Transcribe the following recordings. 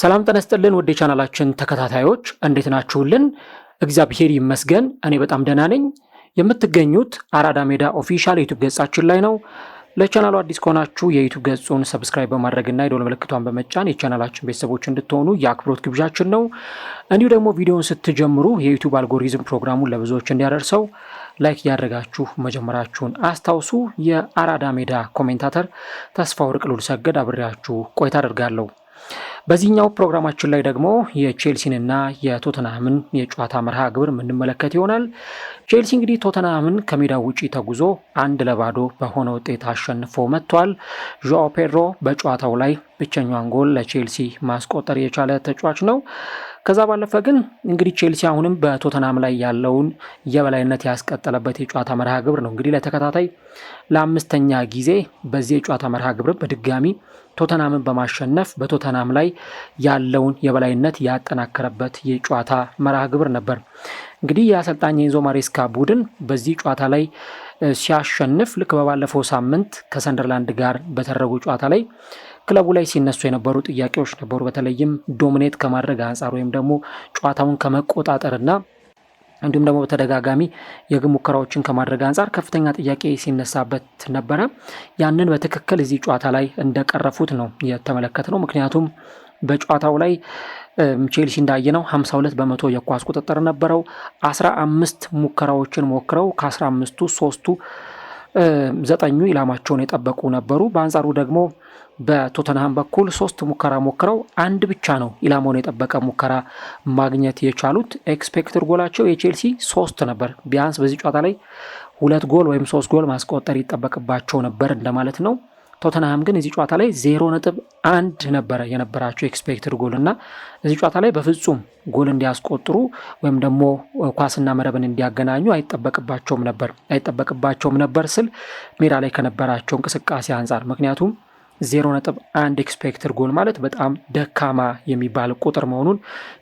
ሰላም ጠነስጥልን ወደ ቻናላችን ተከታታዮች እንዴት ናችሁልን? እግዚአብሔር ይመስገን እኔ በጣም ደህና ነኝ። የምትገኙት አራዳ ሜዳ ኦፊሻል የዩቱብ ገጻችን ላይ ነው። ለቻናሉ አዲስ ከሆናችሁ የዩቱብ ገጹን ሰብስክራይብ በማድረግና የደወል ምልክቷን በመጫን የቻናላችን ቤተሰቦች እንድትሆኑ የአክብሮት ግብዣችን ነው። እንዲሁ ደግሞ ቪዲዮውን ስትጀምሩ የዩቱብ አልጎሪዝም ፕሮግራሙን ለብዙዎች እንዲያደርሰው ላይክ እያደረጋችሁ መጀመራችሁን አስታውሱ። የአራዳ ሜዳ ኮሜንታተር ተስፋ ወርቅ ሉል ሰገድ አብሬያችሁ ቆይታ አደርጋለሁ። በዚህኛው ፕሮግራማችን ላይ ደግሞ የቼልሲንና የቶተናምን የጨዋታ መርሃ ግብር የምንመለከት ይሆናል። ቼልሲ እንግዲህ ቶተናምን ከሜዳ ውጪ ተጉዞ አንድ ለባዶ በሆነ ውጤት አሸንፎ መጥቷል። ዦአው ፔድሮ በጨዋታው ላይ ብቸኛዋን ጎል ለቼልሲ ማስቆጠር የቻለ ተጫዋች ነው። ከዛ ባለፈ ግን እንግዲህ ቼልሲ አሁንም በቶተናም ላይ ያለውን የበላይነት ያስቀጠለበት የጨዋታ መርሃ ግብር ነው። እንግዲህ ለተከታታይ ለአምስተኛ ጊዜ በዚህ የጨዋታ መርሃ ግብር በድጋሚ ቶተናምን በማሸነፍ በቶተናም ላይ ያለውን የበላይነት ያጠናከረበት የጨዋታ መርሃ ግብር ነበር። እንግዲህ የአሰልጣኝ ኤንዞ ማሬስካ ቡድን በዚህ ጨዋታ ላይ ሲያሸንፍ ልክ በባለፈው ሳምንት ከሰንደርላንድ ጋር በተደረጉ ጨዋታ ላይ ክለቡ ላይ ሲነሱ የነበሩ ጥያቄዎች ነበሩ። በተለይም ዶሚኔት ከማድረግ አንጻር ወይም ደግሞ ጨዋታውን ከመቆጣጠርና እንዲሁም ደግሞ በተደጋጋሚ የግብ ሙከራዎችን ከማድረግ አንጻር ከፍተኛ ጥያቄ ሲነሳበት ነበረ። ያንን በትክክል እዚህ ጨዋታ ላይ እንደቀረፉት ነው የተመለከትነው። ምክንያቱም በጨዋታው ላይ ቼልሲ እንዳየነው 52 በመቶ የኳስ ቁጥጥር ነበረው። 15 ሙከራዎችን ሞክረው ከ15ቱ ሶስቱ ዘጠኙ ኢላማቸውን የጠበቁ ነበሩ። በአንጻሩ ደግሞ በቶተንሃም በኩል ሶስት ሙከራ ሞክረው አንድ ብቻ ነው ኢላማውን የጠበቀ ሙከራ ማግኘት የቻሉት። ኤክስፔክትድ ጎላቸው የቼልሲ ሶስት ነበር። ቢያንስ በዚህ ጨዋታ ላይ ሁለት ጎል ወይም ሶስት ጎል ማስቆጠር ይጠበቅባቸው ነበር እንደማለት ነው። ቶተንሃም ግን እዚህ ጨዋታ ላይ ዜሮ ነጥብ አንድ ነበረ የነበራቸው ኤክስፔክትድ ጎል እና እዚህ ጨዋታ ላይ በፍጹም ጎል እንዲያስቆጥሩ ወይም ደግሞ ኳስና መረብን እንዲያገናኙ አይጠበቅባቸውም ነበር አይጠበቅባቸውም ነበር ስል ሜዳ ላይ ከነበራቸው እንቅስቃሴ አንጻር ምክንያቱም ዜሮ ነጥብ አንድ ኤክስፔክትር ጎል ማለት በጣም ደካማ የሚባል ቁጥር መሆኑን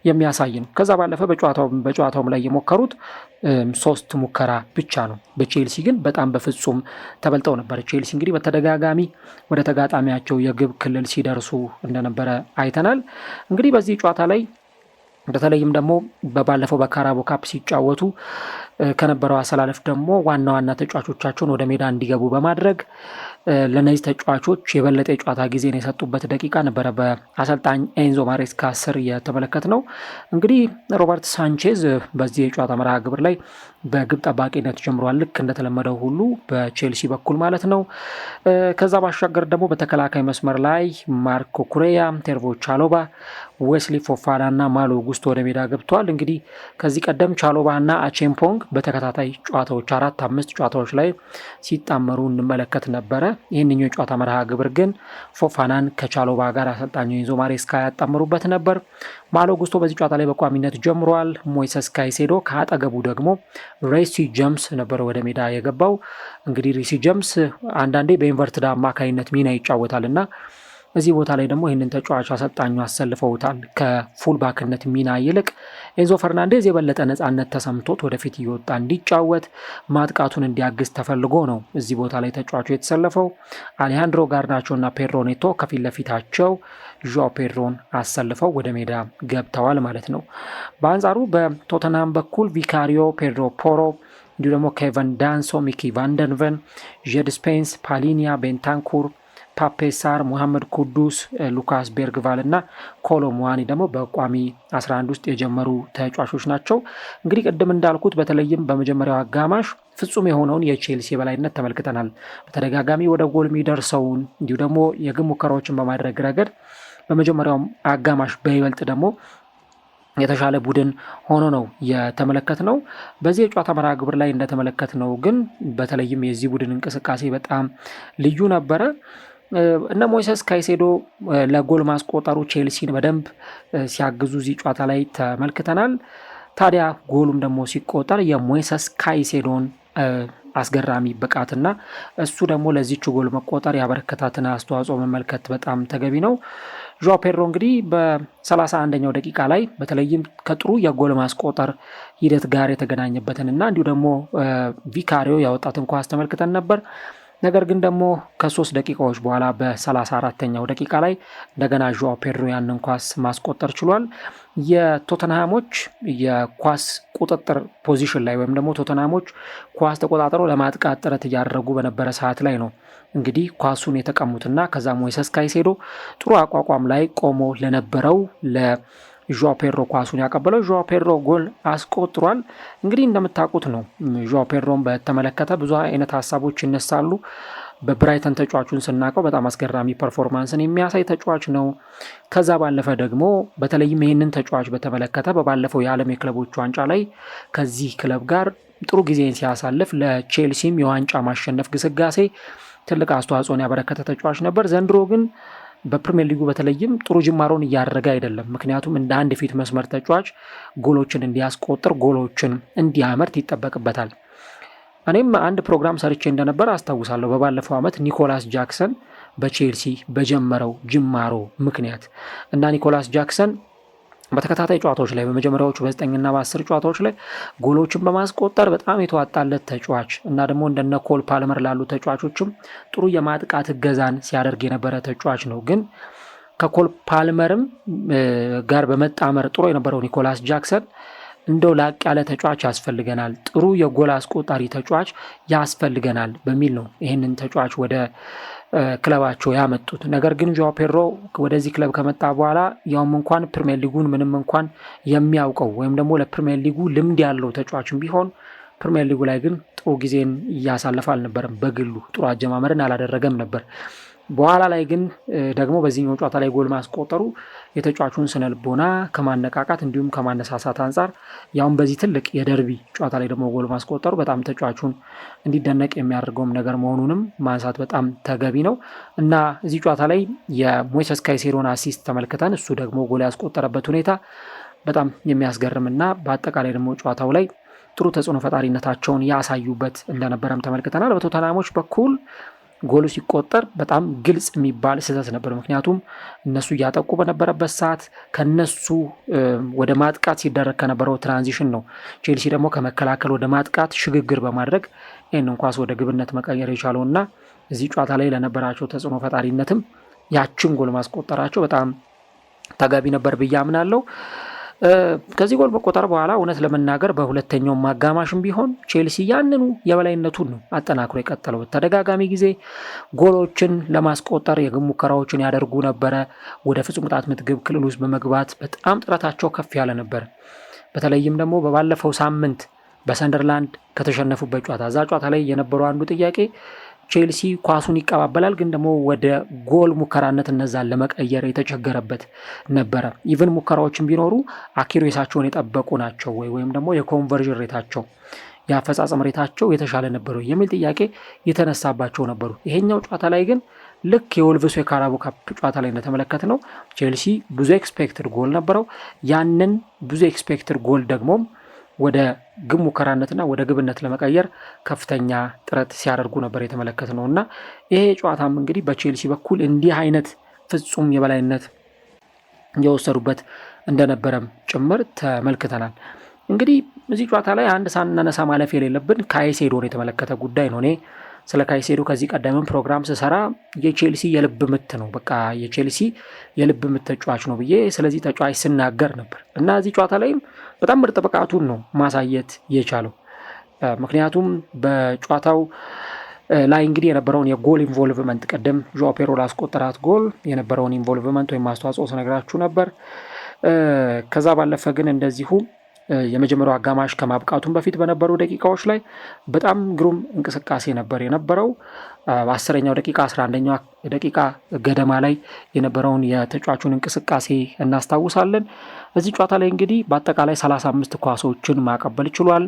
የሚያሳይ ነው። ከዛ ባለፈ በጨዋታውም ላይ የሞከሩት ሶስት ሙከራ ብቻ ነው። በቼልሲ ግን በጣም በፍጹም ተበልጠው ነበር። ቼልሲ እንግዲህ በተደጋጋሚ ወደ ተጋጣሚያቸው የግብ ክልል ሲደርሱ እንደነበረ አይተናል። እንግዲህ በዚህ ጨዋታ ላይ በተለይም ደግሞ በባለፈው በካራቦ ካፕ ሲጫወቱ ከነበረው አሰላለፍ ደግሞ ዋና ዋና ተጫዋቾቻቸውን ወደ ሜዳ እንዲገቡ በማድረግ ለነዚህ ተጫዋቾች የበለጠ የጨዋታ ጊዜ ነው የሰጡበት ደቂቃ ነበረ በአሰልጣኝ ኤንዞ ማሬስካ ስር የተመለከት ነው። እንግዲህ ሮበርት ሳንቼዝ በዚህ የጨዋታ መርሃ ግብር ላይ በግብ ጠባቂነት ጀምሯል፣ ልክ እንደተለመደው ሁሉ በቼልሲ በኩል ማለት ነው። ከዛ ባሻገር ደግሞ በተከላካይ መስመር ላይ ማርኮ ኩሬያ፣ ቴርቮ ቻሎባ፣ ዌስሊ ፎፋና እና ማሎ ጉስቶ ወደ ሜዳ ገብተዋል። እንግዲህ ከዚህ ቀደም ቻሎባ እና አቼምፖንግ በተከታታይ ጨዋታዎች አራት አምስት ጨዋታዎች ላይ ሲጣመሩ እንመለከት ነበረ። ይህንኛው የጨዋታ መርሃ ግብር ግን ፎፋናን ከቻሎባ ጋር አሰልጣኙ ኢንዞ ማሬስካ ያጣምሩበት ነበር። ማሎ ጉስቶ በዚህ ጨዋታ ላይ በቋሚነት ጀምሯል። ሞይሰስ ካይሴዶ፣ ከአጠገቡ ደግሞ ሬሲ ጀምስ ነበር ወደ ሜዳ የገባው። እንግዲህ ሬሲ ጀምስ አንዳንዴ በኢንቨርትድ አማካኝነት ሚና ይጫወታል እና እዚህ ቦታ ላይ ደግሞ ይህንን ተጫዋቹ አሰልጣኙ አሰልፈውታል። ከፉልባክነት ሚና ይልቅ ኤንዞ ፈርናንዴዝ የበለጠ ነፃነት ተሰምቶት ወደፊት እየወጣ እንዲጫወት ማጥቃቱን እንዲያግዝ ተፈልጎ ነው እዚህ ቦታ ላይ ተጫዋቹ የተሰለፈው። አሌሃንድሮ ጋርናቾ እና ፔድሮ ኔቶ ከፊት ለፊታቸው ዣ ፔድሮን አሰልፈው ወደ ሜዳ ገብተዋል ማለት ነው። በአንጻሩ በቶተናም በኩል ቪካሪዮ፣ ፔድሮ ፖሮ እንዲሁ ደግሞ ኬቨን ዳንሶ፣ ሚኪ ቫንደንቨን፣ ጄድ ስፔንስ፣ ፓሊኒያ፣ ቤንታንኩር ፓፔሳር፣ ሳር፣ ሙሐመድ ኩዱስ፣ ሉካስ ቤርግቫል እና ኮሎ ሙዋኒ ደግሞ በቋሚ 11 ውስጥ የጀመሩ ተጫዋቾች ናቸው። እንግዲህ ቅድም እንዳልኩት በተለይም በመጀመሪያው አጋማሽ ፍጹም የሆነውን የቼልሲ የበላይነት ተመልክተናል። በተደጋጋሚ ወደ ጎል የሚደርሰውን እንዲሁ ደግሞ የግብ ሙከራዎችን በማድረግ ረገድ በመጀመሪያው አጋማሽ በይበልጥ ደግሞ የተሻለ ቡድን ሆኖ ነው የተመለከት ነው። በዚህ የጨዋታ መርሃ ግብር ላይ እንደተመለከት ነው ግን በተለይም የዚህ ቡድን እንቅስቃሴ በጣም ልዩ ነበረ። እነ ሞይሰስ ካይሴዶ ለጎል ማስቆጠሩ ቼልሲን በደንብ ሲያግዙ እዚህ ጨዋታ ላይ ተመልክተናል። ታዲያ ጎሉም ደግሞ ሲቆጠር የሞይሰስ ካይሴዶን አስገራሚ ብቃትና እሱ ደግሞ ለዚች ጎል መቆጠር ያበረከታትን አስተዋጽኦ መመልከት በጣም ተገቢ ነው። ዦ ፔድሮ እንግዲህ በ31ኛው ደቂቃ ላይ በተለይም ከጥሩ የጎል ማስቆጠር ሂደት ጋር የተገናኘበትን እና እንዲሁ ደግሞ ቪካሪዮ ያወጣትን ኳስ ተመልክተን ነበር። ነገር ግን ደግሞ ከሶስት ደቂቃዎች በኋላ በሰላሳ ተኛው ደቂቃ ላይ እንደገና ዦዋ ፔድሮ ያንን ኳስ ማስቆጠር ችሏል። የቶተንሃሞች የኳስ ቁጥጥር ፖዚሽን ላይ ወይም ደግሞ ቶተንሃሞች ኳስ ተቆጣጥሮ ለማጥቃት ጥረት እያደረጉ በነበረ ሰዓት ላይ ነው እንግዲህ ኳሱን የተቀሙትና ከዛ ሞይሰስ ካይሴዶ ጥሩ አቋቋም ላይ ቆሞ ለነበረው ለ ዦዋ ፔድሮ ኳሱን ያቀበለው ዣፔሮ ፔድሮ ጎል አስቆጥሯል። እንግዲህ እንደምታውቁት ነው ዦዋ ፔድሮን በተመለከተ ብዙ አይነት ሀሳቦች ይነሳሉ። በብራይተን ተጫዋቹን ስናውቀው በጣም አስገራሚ ፐርፎርማንስን የሚያሳይ ተጫዋች ነው። ከዛ ባለፈ ደግሞ በተለይም ይህንን ተጫዋች በተመለከተ በባለፈው የዓለም የክለቦች ዋንጫ ላይ ከዚህ ክለብ ጋር ጥሩ ጊዜን ሲያሳልፍ ለቼልሲም የዋንጫ ማሸነፍ ግስጋሴ ትልቅ አስተዋጽኦን ያበረከተ ተጫዋች ነበር። ዘንድሮ ግን በፕሪሚየር ሊጉ በተለይም ጥሩ ጅማሮን እያደረገ አይደለም። ምክንያቱም እንደ አንድ የፊት መስመር ተጫዋች ጎሎችን እንዲያስቆጥር፣ ጎሎችን እንዲያመርት ይጠበቅበታል። እኔም አንድ ፕሮግራም ሰርቼ እንደነበር አስታውሳለሁ። በባለፈው ዓመት ኒኮላስ ጃክሰን በቼልሲ በጀመረው ጅማሮ ምክንያት እና ኒኮላስ ጃክሰን በተከታታይ ጨዋታዎች ላይ በመጀመሪያዎቹ በዘጠኝና በአስር ጨዋታዎች ላይ ጎሎችን በማስቆጠር በጣም የተዋጣለት ተጫዋች እና ደግሞ እንደነ ኮል ፓልመር ላሉ ተጫዋቾችም ጥሩ የማጥቃት እገዛን ሲያደርግ የነበረ ተጫዋች ነው። ግን ከኮል ፓልመርም ጋር በመጣመር ጥሩ የነበረው ኒኮላስ ጃክሰን እንደው ላቅ ያለ ተጫዋች ያስፈልገናል፣ ጥሩ የጎል አስቆጣሪ ተጫዋች ያስፈልገናል በሚል ነው ይህንን ተጫዋች ወደ ክለባቸው ያመጡት። ነገር ግን ጆዋ ፔድሮ ወደዚህ ክለብ ከመጣ በኋላ ያውም እንኳን ፕሪሚየር ሊጉን ምንም እንኳን የሚያውቀው ወይም ደግሞ ለፕሪሚየር ሊጉ ልምድ ያለው ተጫዋችም ቢሆን ፕሪሚየር ሊጉ ላይ ግን ጥሩ ጊዜን እያሳለፈ አልነበረም። በግሉ ጥሩ አጀማመርን አላደረገም ነበር። በኋላ ላይ ግን ደግሞ በዚህኛው ጨዋታ ላይ ጎል ማስቆጠሩ የተጫዋቹን ስነልቦና ከማነቃቃት እንዲሁም ከማነሳሳት አንጻር ያውም በዚህ ትልቅ የደርቢ ጨዋታ ላይ ደግሞ ጎል ማስቆጠሩ በጣም ተጫዋቹን እንዲደነቅ የሚያደርገውም ነገር መሆኑንም ማንሳት በጣም ተገቢ ነው እና እዚህ ጨዋታ ላይ የሞይሰስ ካይሴሮን አሲስት ተመልክተን እሱ ደግሞ ጎል ያስቆጠረበት ሁኔታ በጣም የሚያስገርም እና በአጠቃላይ ደግሞ ጨዋታው ላይ ጥሩ ተጽዕኖ ፈጣሪነታቸውን ያሳዩበት እንደነበረም ተመልክተናል። በቶተናሞች በኩል ጎሉ ሲቆጠር በጣም ግልጽ የሚባል ስህተት ነበር። ምክንያቱም እነሱ እያጠቁ በነበረበት ሰዓት ከነሱ ወደ ማጥቃት ሲደረግ ከነበረው ትራንዚሽን ነው። ቼልሲ ደግሞ ከመከላከል ወደ ማጥቃት ሽግግር በማድረግ ይህንን ኳስ ወደ ግብነት መቀየር የቻለው እና እዚህ ጨዋታ ላይ ለነበራቸው ተጽዕኖ ፈጣሪነትም ያችን ጎል ማስቆጠራቸው በጣም ተገቢ ነበር ብዬ አምናለሁ። ከዚህ ጎል መቆጠር በኋላ እውነት ለመናገር በሁለተኛውም አጋማሽም ቢሆን ቼልሲ ያንኑ የበላይነቱን ነው አጠናክሮ የቀጠለው። ተደጋጋሚ ጊዜ ጎሎችን ለማስቆጠር የግብ ሙከራዎችን ያደርጉ ነበረ። ወደ ፍጹም ቅጣት ምት ግብ ክልል ውስጥ በመግባት በጣም ጥረታቸው ከፍ ያለ ነበር። በተለይም ደግሞ በባለፈው ሳምንት በሰንደርላንድ ከተሸነፉበት ጨዋታ እዛ ጨዋታ ላይ የነበረው አንዱ ጥያቄ ቼልሲ ኳሱን ይቀባበላል፣ ግን ደግሞ ወደ ጎል ሙከራነት እነዛን ለመቀየር የተቸገረበት ነበረ። ኢቨን ሙከራዎችን ቢኖሩ አኪሬሳቸውን የጠበቁ ናቸው ወይ ወይም ደግሞ የኮንቨርዥን ሬታቸው የአፈጻጸም ሬታቸው የተሻለ ነበረ የሚል ጥያቄ የተነሳባቸው ነበሩ። ይሄኛው ጨዋታ ላይ ግን ልክ የወልቭሱ የካራቦ ካፕ ጨዋታ ላይ እንደተመለከት ነው ቼልሲ ብዙ ኤክስፔክትድ ጎል ነበረው። ያንን ብዙ ኤክስፔክትድ ጎል ደግሞ ወደ ግብ ሙከራነትና ወደ ግብነት ለመቀየር ከፍተኛ ጥረት ሲያደርጉ ነበር የተመለከት ነው እና ይሄ ጨዋታም እንግዲህ በቼልሲ በኩል እንዲህ አይነት ፍጹም የበላይነት የወሰዱበት እንደነበረም ጭምር ተመልክተናል። እንግዲህ እዚህ ጨዋታ ላይ አንድ ሳናነሳ ማለፍ የሌለብን ካይሴዶን የተመለከተ ጉዳይ ነው። እኔ ስለ ካይሴዶ ከዚህ ቀደምን ፕሮግራም ስሰራ የቼልሲ የልብ ምት ነው፣ በቃ የቼልሲ የልብ ምት ተጫዋች ነው ብዬ ስለዚህ ተጫዋች ስናገር ነበር እና እዚህ ጨዋታ ላይም በጣም ምርጥ ብቃቱን ነው ማሳየት የቻለው። ምክንያቱም በጨዋታው ላይ እንግዲህ የነበረውን የጎል ኢንቮልቭመንት ቀደም ዦ ፔድሮ ላስቆጠራት ጎል የነበረውን ኢንቮልቭመንት ወይም አስተዋጽኦ ስነግራችሁ ነበር። ከዛ ባለፈ ግን እንደዚሁ የመጀመሪያው አጋማሽ ከማብቃቱን በፊት በነበሩ ደቂቃዎች ላይ በጣም ግሩም እንቅስቃሴ ነበር የነበረው። በአስረኛው ደቂቃ አስራ አንደኛው ደቂቃ ገደማ ላይ የነበረውን የተጫዋቹን እንቅስቃሴ እናስታውሳለን። በዚህ ጨዋታ ላይ እንግዲህ በአጠቃላይ 35 አምስት ኳሶችን ማቀበል ችሏል።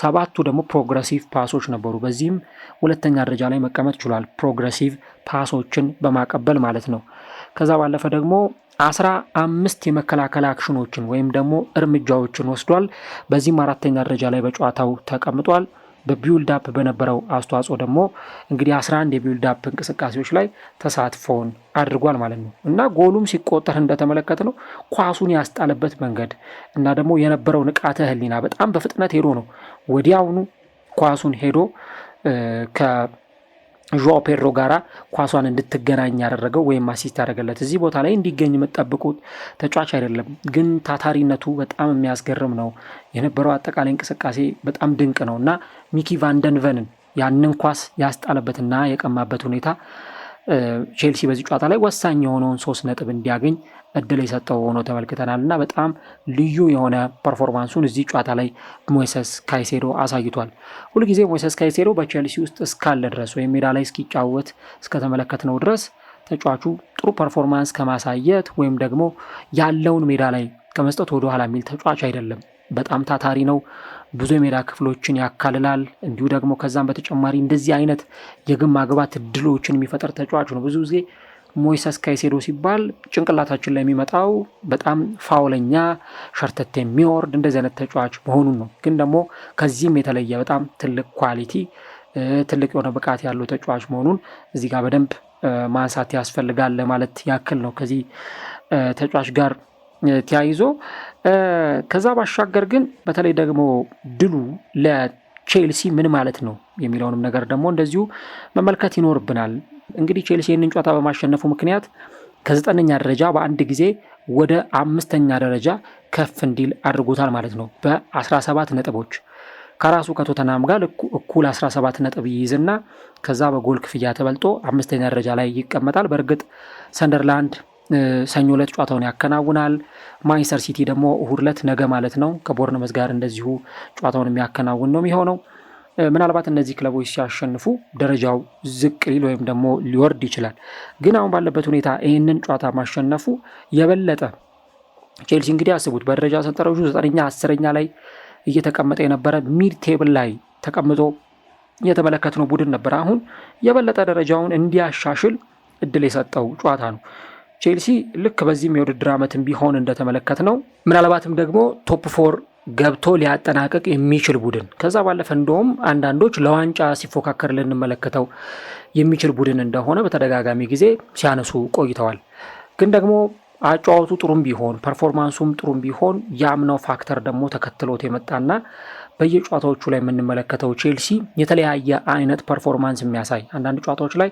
ሰባቱ ደግሞ ፕሮግረሲቭ ፓሶች ነበሩ። በዚህም ሁለተኛ ደረጃ ላይ መቀመጥ ችሏል፣ ፕሮግረሲቭ ፓሶችን በማቀበል ማለት ነው። ከዛ ባለፈ ደግሞ አስራ አምስት የመከላከል አክሽኖችን ወይም ደግሞ እርምጃዎችን ወስዷል። በዚህም አራተኛ ደረጃ ላይ በጨዋታው ተቀምጧል። በቢውልድ አፕ በነበረው አስተዋጽኦ ደግሞ እንግዲህ 11 የቢውልድ አፕ እንቅስቃሴዎች ላይ ተሳትፎውን አድርጓል ማለት ነው እና ጎሉም ሲቆጠር እንደተመለከት ነው ኳሱን ያስጣለበት መንገድ እና ደግሞ የነበረው ንቃተ ህሊና በጣም በፍጥነት ሄዶ ነው ወዲያውኑ ኳሱን ሄዶ ዦ ፔድሮ ጋራ ኳሷን እንድትገናኝ ያደረገው ወይም አሲስት ያደረገለት እዚህ ቦታ ላይ እንዲገኝ የምጠብቁ ተጫዋች አይደለም፣ ግን ታታሪነቱ በጣም የሚያስገርም ነው። የነበረው አጠቃላይ እንቅስቃሴ በጣም ድንቅ ነው እና ሚኪ ቫንደንቨንን ያንን ኳስ ያስጣለበትና የቀማበት ሁኔታ ቼልሲ በዚህ ጨዋታ ላይ ወሳኝ የሆነውን ሶስት ነጥብ እንዲያገኝ እድል የሰጠው ሆኖ ተመልክተናል እና በጣም ልዩ የሆነ ፐርፎርማንሱን እዚህ ጨዋታ ላይ ሞይሰስ ካይሴዶ አሳይቷል። ሁልጊዜ ሞይሰስ ካይሴዶ በቼልሲ ውስጥ እስካለ ድረስ ወይም ሜዳ ላይ እስኪጫወት እስከተመለከትነው ድረስ ተጫዋቹ ጥሩ ፐርፎርማንስ ከማሳየት ወይም ደግሞ ያለውን ሜዳ ላይ ከመስጠት ወደ ኋላ የሚል ተጫዋች አይደለም። በጣም ታታሪ ነው። ብዙ የሜዳ ክፍሎችን ያካልላል። እንዲሁ ደግሞ ከዛም በተጨማሪ እንደዚህ አይነት የግብ ማግባት እድሎችን የሚፈጠር ተጫዋች ነው። ብዙ ጊዜ ሞይሰስ ካይሴዶ ሲባል ጭንቅላታችን ላይ የሚመጣው በጣም ፋውለኛ፣ ሸርተት የሚወርድ እንደዚህ አይነት ተጫዋች መሆኑን ነው። ግን ደግሞ ከዚህም የተለየ በጣም ትልቅ ኳሊቲ፣ ትልቅ የሆነ ብቃት ያለው ተጫዋች መሆኑን እዚህ ጋር በደንብ ማንሳት ያስፈልጋል ለማለት ያክል ነው ከዚህ ተጫዋች ጋር ተያይዞ ከዛ ባሻገር ግን በተለይ ደግሞ ድሉ ለቼልሲ ምን ማለት ነው የሚለውንም ነገር ደግሞ እንደዚሁ መመልከት ይኖርብናል። እንግዲህ ቼልሲ ይህንን ጨዋታ በማሸነፉ ምክንያት ከዘጠነኛ ደረጃ በአንድ ጊዜ ወደ አምስተኛ ደረጃ ከፍ እንዲል አድርጎታል ማለት ነው በ17 ነጥቦች ከራሱ ከቶተናም ጋር እኩል 17 ነጥብ ይይዝና ከዛ በጎል ክፍያ ተበልጦ አምስተኛ ደረጃ ላይ ይቀመጣል። በእርግጥ ሰንደርላንድ ሰኞ ዕለት ጨዋታውን ያከናውናል። ማንስተር ሲቲ ደግሞ እሁድ ዕለት ነገ ማለት ነው ከቦርነመዝ ጋር እንደዚሁ ጨዋታውን የሚያከናውን ነው የሚሆነው። ምናልባት እነዚህ ክለቦች ሲያሸንፉ ደረጃው ዝቅ ሊል ወይም ደግሞ ሊወርድ ይችላል። ግን አሁን ባለበት ሁኔታ ይህንን ጨዋታ ማሸነፉ የበለጠ ቼልሲ እንግዲህ አስቡት በደረጃ ሰንጠረዡ ዘጠነኛ አስረኛ ላይ እየተቀመጠ የነበረ ሚድ ቴብል ላይ ተቀምጦ የተመለከትነው ቡድን ነበር። አሁን የበለጠ ደረጃውን እንዲያሻሽል እድል የሰጠው ጨዋታ ነው። ቼልሲ ልክ በዚህም የውድድር ዓመትም ቢሆን እንደተመለከት ነው ምናልባትም ደግሞ ቶፕ ፎር ገብቶ ሊያጠናቀቅ የሚችል ቡድን ከዛ ባለፈ እንደውም አንዳንዶች ለዋንጫ ሲፎካከር ልንመለከተው የሚችል ቡድን እንደሆነ በተደጋጋሚ ጊዜ ሲያነሱ ቆይተዋል። ግን ደግሞ አጫዋቱ ጥሩም ቢሆን ፐርፎርማንሱም ጥሩም ቢሆን የአምናው ፋክተር ደግሞ ተከትሎት የመጣና በየጨዋታዎቹ ላይ የምንመለከተው ቼልሲ የተለያየ አይነት ፐርፎርማንስ የሚያሳይ አንዳንድ ጨዋታዎች ላይ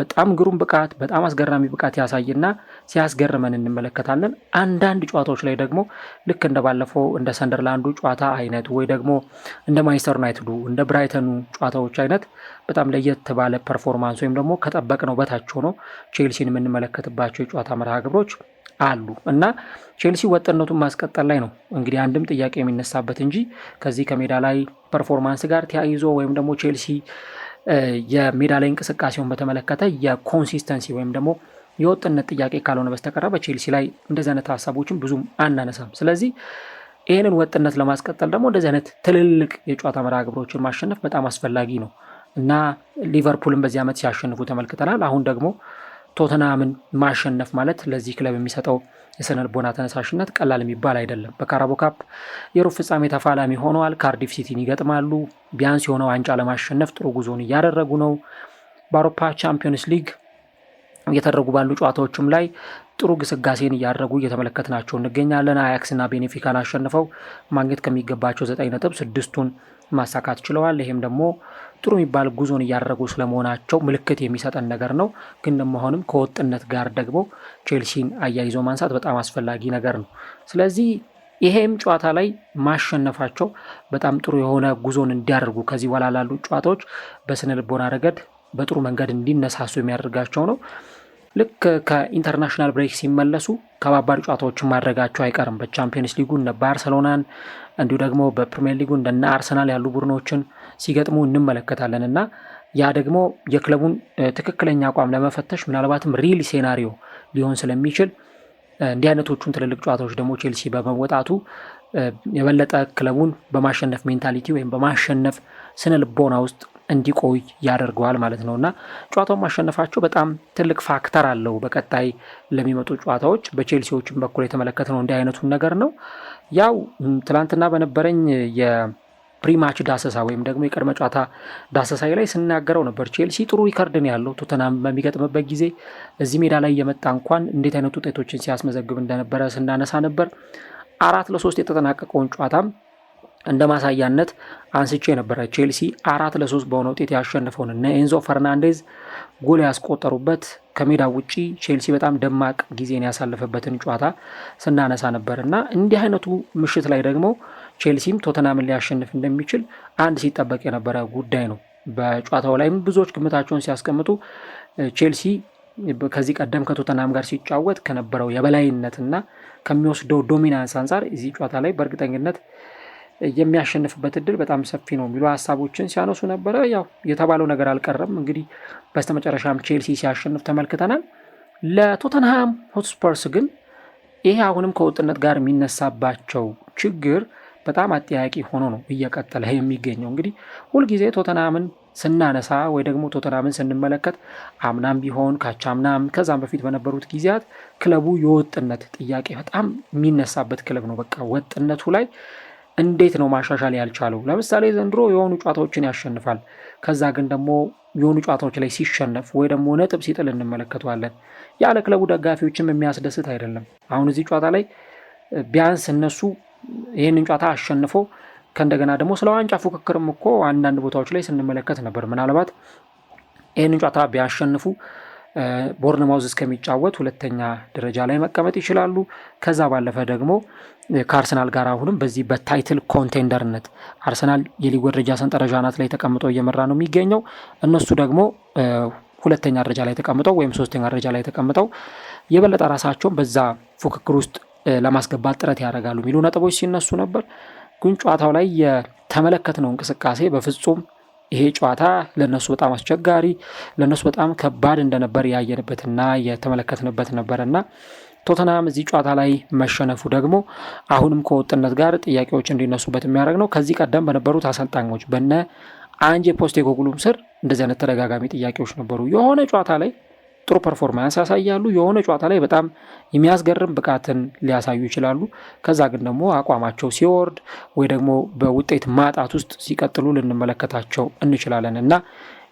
በጣም ግሩም ብቃት በጣም አስገራሚ ብቃት ያሳይና ሲያስገርመን እንመለከታለን። አንዳንድ ጨዋታዎች ላይ ደግሞ ልክ እንደ ባለፈው እንደ ሰንደርላንዱ ጨዋታ አይነት ወይ ደግሞ እንደ ማንችስተር ዩናይትዱ እንደ ብራይተኑ ጨዋታዎች አይነት በጣም ለየት ባለ ፐርፎርማንስ ወይም ደግሞ ከጠበቅነው በታች ሆኖ ቼልሲን የምንመለከትባቸው የጨዋታ መርሃ ግብሮች አሉ እና ቼልሲ ወጥነቱን ማስቀጠል ላይ ነው እንግዲህ አንድም ጥያቄ የሚነሳበት እንጂ ከዚህ ከሜዳ ላይ ፐርፎርማንስ ጋር ተያይዞ ወይም ደግሞ ቼልሲ የሜዳ ላይ እንቅስቃሴውን በተመለከተ የኮንሲስተንሲ ወይም ደግሞ የወጥነት ጥያቄ ካልሆነ በስተቀረ በቼልሲ ላይ እንደዚህ አይነት ሀሳቦችን ብዙም አናነሳም። ስለዚህ ይህንን ወጥነት ለማስቀጠል ደግሞ እንደዚህ አይነት ትልልቅ የጨዋታ መርሃ ግብሮችን ማሸነፍ በጣም አስፈላጊ ነው እና ሊቨርፑልን በዚህ ዓመት ሲያሸንፉ ተመልክተናል። አሁን ደግሞ ቶተንሃምን ማሸነፍ ማለት ለዚህ ክለብ የሚሰጠው የስነልቦና ተነሳሽነት ቀላል የሚባል አይደለም። በካራቦ ካፕ የሩብ ፍጻሜ ተፋላሚ ሆነዋል። ካርዲፍ ሲቲን ይገጥማሉ። ቢያንስ የሆነ ዋንጫ ለማሸነፍ ጥሩ ጉዞን እያደረጉ ነው። በአውሮፓ ቻምፒዮንስ ሊግ እየተደረጉ ባሉ ጨዋታዎችም ላይ ጥሩ ግስጋሴን እያደረጉ እየተመለከትናቸው እንገኛለን። አያክስና ቤኔፊካን አሸንፈው ማግኘት ከሚገባቸው ዘጠኝ ነጥብ ስድስቱን ማሳካት ችለዋል። ይሄም ደግሞ ጥሩ የሚባል ጉዞን እያደረጉ ስለመሆናቸው ምልክት የሚሰጠን ነገር ነው። ግን ደሞ አሁንም ከወጥነት ጋር ደግሞ ቼልሲን አያይዞ ማንሳት በጣም አስፈላጊ ነገር ነው። ስለዚህ ይሄም ጨዋታ ላይ ማሸነፋቸው በጣም ጥሩ የሆነ ጉዞን እንዲያደርጉ ከዚህ በኋላ ላሉ ጨዋታዎች በስነ ልቦና ረገድ በጥሩ መንገድ እንዲነሳሱ የሚያደርጋቸው ነው። ልክ ከኢንተርናሽናል ብሬክ ሲመለሱ ከባባድ ጨዋታዎችን ማድረጋቸው አይቀርም። በቻምፒየንስ ሊጉ እነ ባርሰሎናን እንዲሁ ደግሞ በፕሪሚየር ሊጉ እንደነ አርሰናል ያሉ ቡድኖችን ሲገጥሙ እንመለከታለን እና ያ ደግሞ የክለቡን ትክክለኛ አቋም ለመፈተሽ ምናልባትም ሪል ሴናሪዮ ሊሆን ስለሚችል እንዲህ አይነቶቹን ትልልቅ ጨዋታዎች ደግሞ ቼልሲ በመወጣቱ የበለጠ ክለቡን በማሸነፍ ሜንታሊቲ ወይም በማሸነፍ ስነ ልቦና ውስጥ እንዲቆይ ያደርገዋል ማለት ነው እና ጨዋታውን ማሸነፋቸው በጣም ትልቅ ፋክተር አለው። በቀጣይ ለሚመጡ ጨዋታዎች በቼልሲዎችን በኩል የተመለከትነው እንዲህ አይነቱን ነገር ነው። ያው ትናንትና በነበረኝ የፕሪማች ዳሰሳ ወይም ደግሞ የቅድመ ጨዋታ ዳሰሳይ ላይ ስናገረው ነበር። ቼልሲ ጥሩ ሪከርድን ያለው ቶተናም በሚገጥምበት ጊዜ እዚህ ሜዳ ላይ የመጣ እንኳን እንዴት አይነት ውጤቶችን ሲያስመዘግብ እንደነበረ ስናነሳ ነበር። አራት ለሶስት የተጠናቀቀውን ጨዋታም እንደ ማሳያነት አንስቼ የነበረ ቼልሲ አራት ለሶስት በሆነ ውጤት ያሸነፈውን እነ ኤንዞ ፈርናንዴዝ ጎል ያስቆጠሩበት ከሜዳ ውጪ ቼልሲ በጣም ደማቅ ጊዜን ያሳለፈበትን ጨዋታ ስናነሳ ነበር እና እንዲህ አይነቱ ምሽት ላይ ደግሞ ቼልሲም ቶተናምን ሊያሸንፍ እንደሚችል አንድ ሲጠበቅ የነበረ ጉዳይ ነው። በጨዋታው ላይም ብዙዎች ግምታቸውን ሲያስቀምጡ ቼልሲ ከዚህ ቀደም ከቶተናም ጋር ሲጫወት ከነበረው የበላይነትና ከሚወስደው ዶሚናንስ አንጻር እዚህ ጨዋታ ላይ በእርግጠኝነት የሚያሸንፍበት እድል በጣም ሰፊ ነው የሚሉ ሀሳቦችን ሲያነሱ ነበረ። ያው የተባለው ነገር አልቀረም። እንግዲህ በስተመጨረሻም ቼልሲ ሲያሸንፍ ተመልክተናል። ለቶተንሃም ሆትስፐርስ ግን ይሄ አሁንም ከወጥነት ጋር የሚነሳባቸው ችግር በጣም አጠያቂ ሆኖ ነው እየቀጠለ የሚገኘው። እንግዲህ ሁልጊዜ ቶተንሃምን ስናነሳ ወይ ደግሞ ቶተናምን ስንመለከት አምናም ቢሆን ካቻምናም ከዛም በፊት በነበሩት ጊዜያት ክለቡ የወጥነት ጥያቄ በጣም የሚነሳበት ክለብ ነው። በቃ ወጥነቱ ላይ እንዴት ነው ማሻሻል ያልቻለው? ለምሳሌ ዘንድሮ የሆኑ ጨዋታዎችን ያሸንፋል፣ ከዛ ግን ደግሞ የሆኑ ጨዋታዎች ላይ ሲሸነፍ ወይ ደግሞ ነጥብ ሲጥል እንመለከተዋለን። ያለ ክለቡ ደጋፊዎችም የሚያስደስት አይደለም። አሁን እዚህ ጨዋታ ላይ ቢያንስ እነሱ ይህንን ጨዋታ አሸንፎ ከእንደገና ደግሞ ስለ ዋንጫ ፉክክርም እኮ አንዳንድ ቦታዎች ላይ ስንመለከት ነበር። ምናልባት ይህንን ጨዋታ ቢያሸንፉ ቦርንማውዝ እስከሚጫወት ሁለተኛ ደረጃ ላይ መቀመጥ ይችላሉ። ከዛ ባለፈ ደግሞ ከአርሰናል ጋር አሁንም በዚህ በታይትል ኮንቴንደርነት አርሰናል የሊግ ደረጃ ሰንጠረዥ አናት ላይ ተቀምጦ እየመራ ነው የሚገኘው። እነሱ ደግሞ ሁለተኛ ደረጃ ላይ ተቀምጠው ወይም ሶስተኛ ደረጃ ላይ ተቀምጠው የበለጠ ራሳቸውን በዛ ፉክክር ውስጥ ለማስገባት ጥረት ያደርጋሉ የሚሉ ነጥቦች ሲነሱ ነበር። ግን ጨዋታው ላይ የተመለከትነው እንቅስቃሴ በፍጹም ይሄ ጨዋታ ለነሱ በጣም አስቸጋሪ ለነሱ በጣም ከባድ እንደነበር ያየንበትና የተመለከትንበት ነበረና ቶተናም እዚህ ጨዋታ ላይ መሸነፉ ደግሞ አሁንም ከወጥነት ጋር ጥያቄዎች እንዲነሱበት የሚያደርግ ነው። ከዚህ ቀደም በነበሩት አሰልጣኞች በነ አንጄ ፖስቴኮግሉም ስር እንደዚህ አይነት ተደጋጋሚ ጥያቄዎች ነበሩ የሆነ ጨዋታ ላይ ጥሩ ፐርፎርማንስ ያሳያሉ። የሆነ ጨዋታ ላይ በጣም የሚያስገርም ብቃትን ሊያሳዩ ይችላሉ። ከዛ ግን ደግሞ አቋማቸው ሲወርድ ወይ ደግሞ በውጤት ማጣት ውስጥ ሲቀጥሉ ልንመለከታቸው እንችላለን እና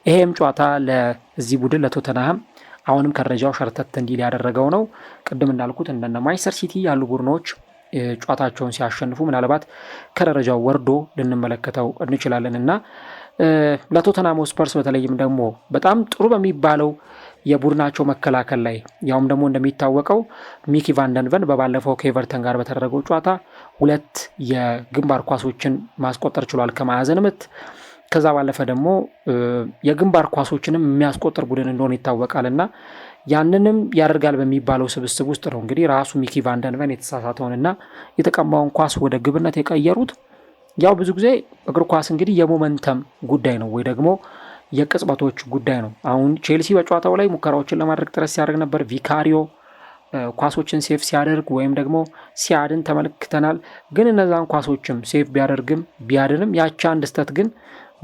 ይሄም ጨዋታ ለዚህ ቡድን ለቶተንሃም አሁንም ከደረጃው ሸርተት እንዲል ያደረገው ነው። ቅድም እንዳልኩት እንደነ ማንቸስተር ሲቲ ያሉ ቡድኖች ጨዋታቸውን ሲያሸንፉ ምናልባት ከደረጃው ወርዶ ልንመለከተው እንችላለን እና ለቶተናም ስፐርስ በተለይም ደግሞ በጣም ጥሩ በሚባለው የቡድናቸው መከላከል ላይ ያውም ደግሞ እንደሚታወቀው ሚኪ ቫንደንቨን በባለፈው ከኤቨርተን ጋር በተደረገው ጨዋታ ሁለት የግንባር ኳሶችን ማስቆጠር ችሏል ከማዕዘን ምት። ከዛ ባለፈ ደግሞ የግንባር ኳሶችንም የሚያስቆጥር ቡድን እንደሆነ ይታወቃል እና ያንንም ያደርጋል በሚባለው ስብስብ ውስጥ ነው እንግዲህ ራሱ ሚኪ ቫንደንቨን የተሳሳተውንና የተቀማውን ኳስ ወደ ግብነት የቀየሩት ያው ብዙ ጊዜ እግር ኳስ እንግዲህ የሞመንተም ጉዳይ ነው ወይ ደግሞ የቅጽበቶች ጉዳይ ነው። አሁን ቼልሲ በጨዋታው ላይ ሙከራዎችን ለማድረግ ጥረት ሲያደርግ ነበር። ቪካሪዮ ኳሶችን ሴፍ ሲያደርግ ወይም ደግሞ ሲያድን ተመልክተናል። ግን እነዛን ኳሶችም ሴፍ ቢያደርግም ቢያድንም ያቺ አንድ ስተት ግን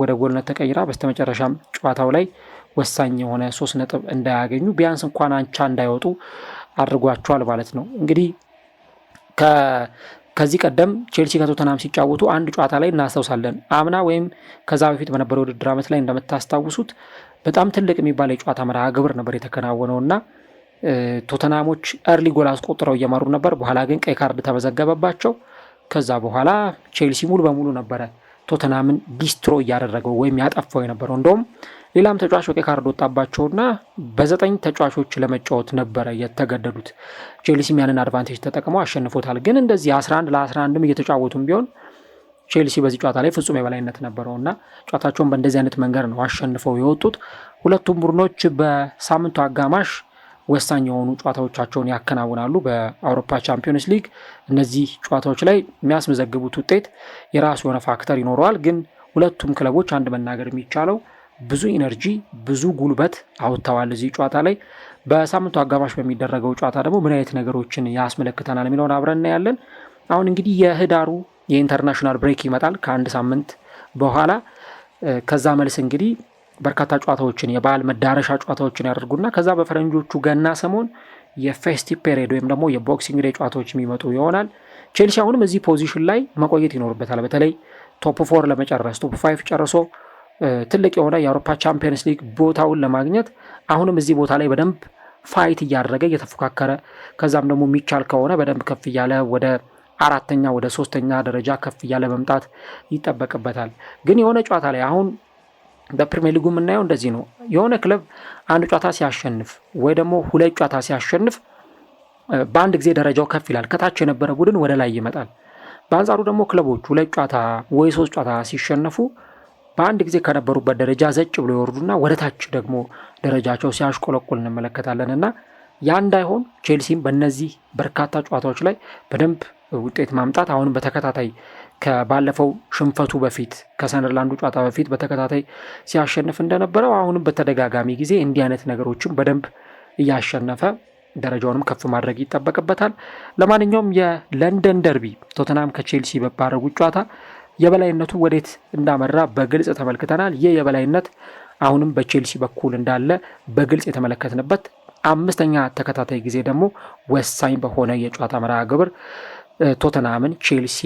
ወደ ጎልነት ተቀይራ በስተመጨረሻም ጨዋታው ላይ ወሳኝ የሆነ ሶስት ነጥብ እንዳያገኙ ቢያንስ እንኳን አንቻ እንዳይወጡ አድርጓቸዋል ማለት ነው እንግዲህ ከዚህ ቀደም ቼልሲ ከቶተናም ሲጫወቱ አንድ ጨዋታ ላይ እናስታውሳለን። አምና ወይም ከዛ በፊት በነበረ ውድድር ዓመት ላይ እንደምታስታውሱት በጣም ትልቅ የሚባል የጨዋታ መርሃ ግብር ነበር የተከናወነው እና ቶተናሞች ኤርሊ ጎል አስቆጥረው እየመሩ ነበር። በኋላ ግን ቀይ ካርድ ተመዘገበባቸው። ከዛ በኋላ ቼልሲ ሙሉ በሙሉ ነበረ ቶተናምን ዲስትሮ እያደረገው ወይም ያጠፋው የነበረው እንደውም ሌላም ተጫዋች ቀይ ካርድ ወጣባቸውና በዘጠኝ ተጫዋቾች ለመጫወት ነበረ የተገደዱት። ቼልሲም ያንን አድቫንቴጅ ተጠቅመው አሸንፎታል። ግን እንደዚህ 11 ለ 11 እየተጫወቱም ቢሆን ቼልሲ በዚህ ጨዋታ ላይ ፍጹም የበላይነት ነበረው እና ጨዋታቸውን በእንደዚህ አይነት መንገድ ነው አሸንፈው የወጡት። ሁለቱም ቡድኖች በሳምንቱ አጋማሽ ወሳኝ የሆኑ ጨዋታዎቻቸውን ያከናውናሉ። በአውሮፓ ቻምፒዮንስ ሊግ እነዚህ ጨዋታዎች ላይ የሚያስመዘግቡት ውጤት የራሱ የሆነ ፋክተር ይኖረዋል። ግን ሁለቱም ክለቦች አንድ መናገር የሚቻለው ብዙ ኢነርጂ ብዙ ጉልበት አውጥተዋል እዚህ ጨዋታ ላይ። በሳምንቱ አጋማሽ በሚደረገው ጨዋታ ደግሞ ምን አይነት ነገሮችን ያስመለክተናል የሚለውን አብረን እናያለን። አሁን እንግዲህ የህዳሩ የኢንተርናሽናል ብሬክ ይመጣል ከአንድ ሳምንት በኋላ። ከዛ መልስ እንግዲህ በርካታ ጨዋታዎችን የበዓል መዳረሻ ጨዋታዎችን ያደርጉና ከዛ በፈረንጆቹ ገና ሰሞን የፌስቲ ፔሬድ ወይም ደግሞ የቦክሲንግ ዴይ ጨዋታዎች የሚመጡ ይሆናል። ቼልሲ አሁንም እዚህ ፖዚሽን ላይ መቆየት ይኖርበታል። በተለይ ቶፕ ፎር ለመጨረስ ቶፕ ፋይቭ ጨርሶ ትልቅ የሆነ የአውሮፓ ቻምፒየንስ ሊግ ቦታውን ለማግኘት አሁንም እዚህ ቦታ ላይ በደንብ ፋይት እያደረገ እየተፎካከረ ከዛም ደግሞ የሚቻል ከሆነ በደንብ ከፍ እያለ ወደ አራተኛ ወደ ሶስተኛ ደረጃ ከፍ እያለ መምጣት ይጠበቅበታል። ግን የሆነ ጨዋታ ላይ አሁን በፕሪሚየር ሊጉ የምናየው እንደዚህ ነው። የሆነ ክለብ አንድ ጨዋታ ሲያሸንፍ ወይ ደግሞ ሁለት ጨዋታ ሲያሸንፍ በአንድ ጊዜ ደረጃው ከፍ ይላል። ከታች የነበረ ቡድን ወደ ላይ ይመጣል። በአንጻሩ ደግሞ ክለቦች ሁለት ጨዋታ ወይ ሶስት ጨዋታ ሲሸነፉ በአንድ ጊዜ ከነበሩበት ደረጃ ዘጭ ብሎ ይወርዱና ወደ ታች ደግሞ ደረጃቸው ሲያሽቆለቁል እንመለከታለን እና ያ እንዳይሆን ቼልሲም በእነዚህ በርካታ ጨዋታዎች ላይ በደንብ ውጤት ማምጣት አሁንም በተከታታይ ከባለፈው ሽንፈቱ በፊት ከሰንደርላንዱ ጨዋታ በፊት በተከታታይ ሲያሸንፍ እንደነበረው አሁንም በተደጋጋሚ ጊዜ እንዲህ አይነት ነገሮችን በደንብ እያሸነፈ ደረጃውንም ከፍ ማድረግ ይጠበቅበታል። ለማንኛውም የለንደን ደርቢ ቶተናም ከቼልሲ በባረጉት ጨዋታ የበላይነቱ ወዴት እንዳመራ በግልጽ ተመልክተናል። ይህ የበላይነት አሁንም በቼልሲ በኩል እንዳለ በግልጽ የተመለከትንበት አምስተኛ ተከታታይ ጊዜ ደግሞ ወሳኝ በሆነ የጨዋታ መርሃ ግብር ቶተናምን ቼልሲ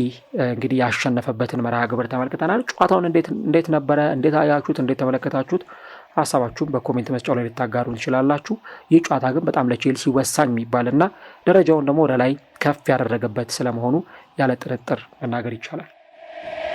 እንግዲህ ያሸነፈበትን መርሃ ግብር ተመልክተናል። ጨዋታውን እንዴት ነበረ? እንዴት አያችሁት? እንዴት ተመለከታችሁት? ሀሳባችሁን በኮሜንት መስጫው ላይ ልታጋሩ ትችላላችሁ። ይህ ጨዋታ ግን በጣም ለቼልሲ ወሳኝ የሚባልና ደረጃውን ደግሞ ወደ ላይ ከፍ ያደረገበት ስለመሆኑ ያለ ጥርጥር መናገር ይቻላል። Yeah.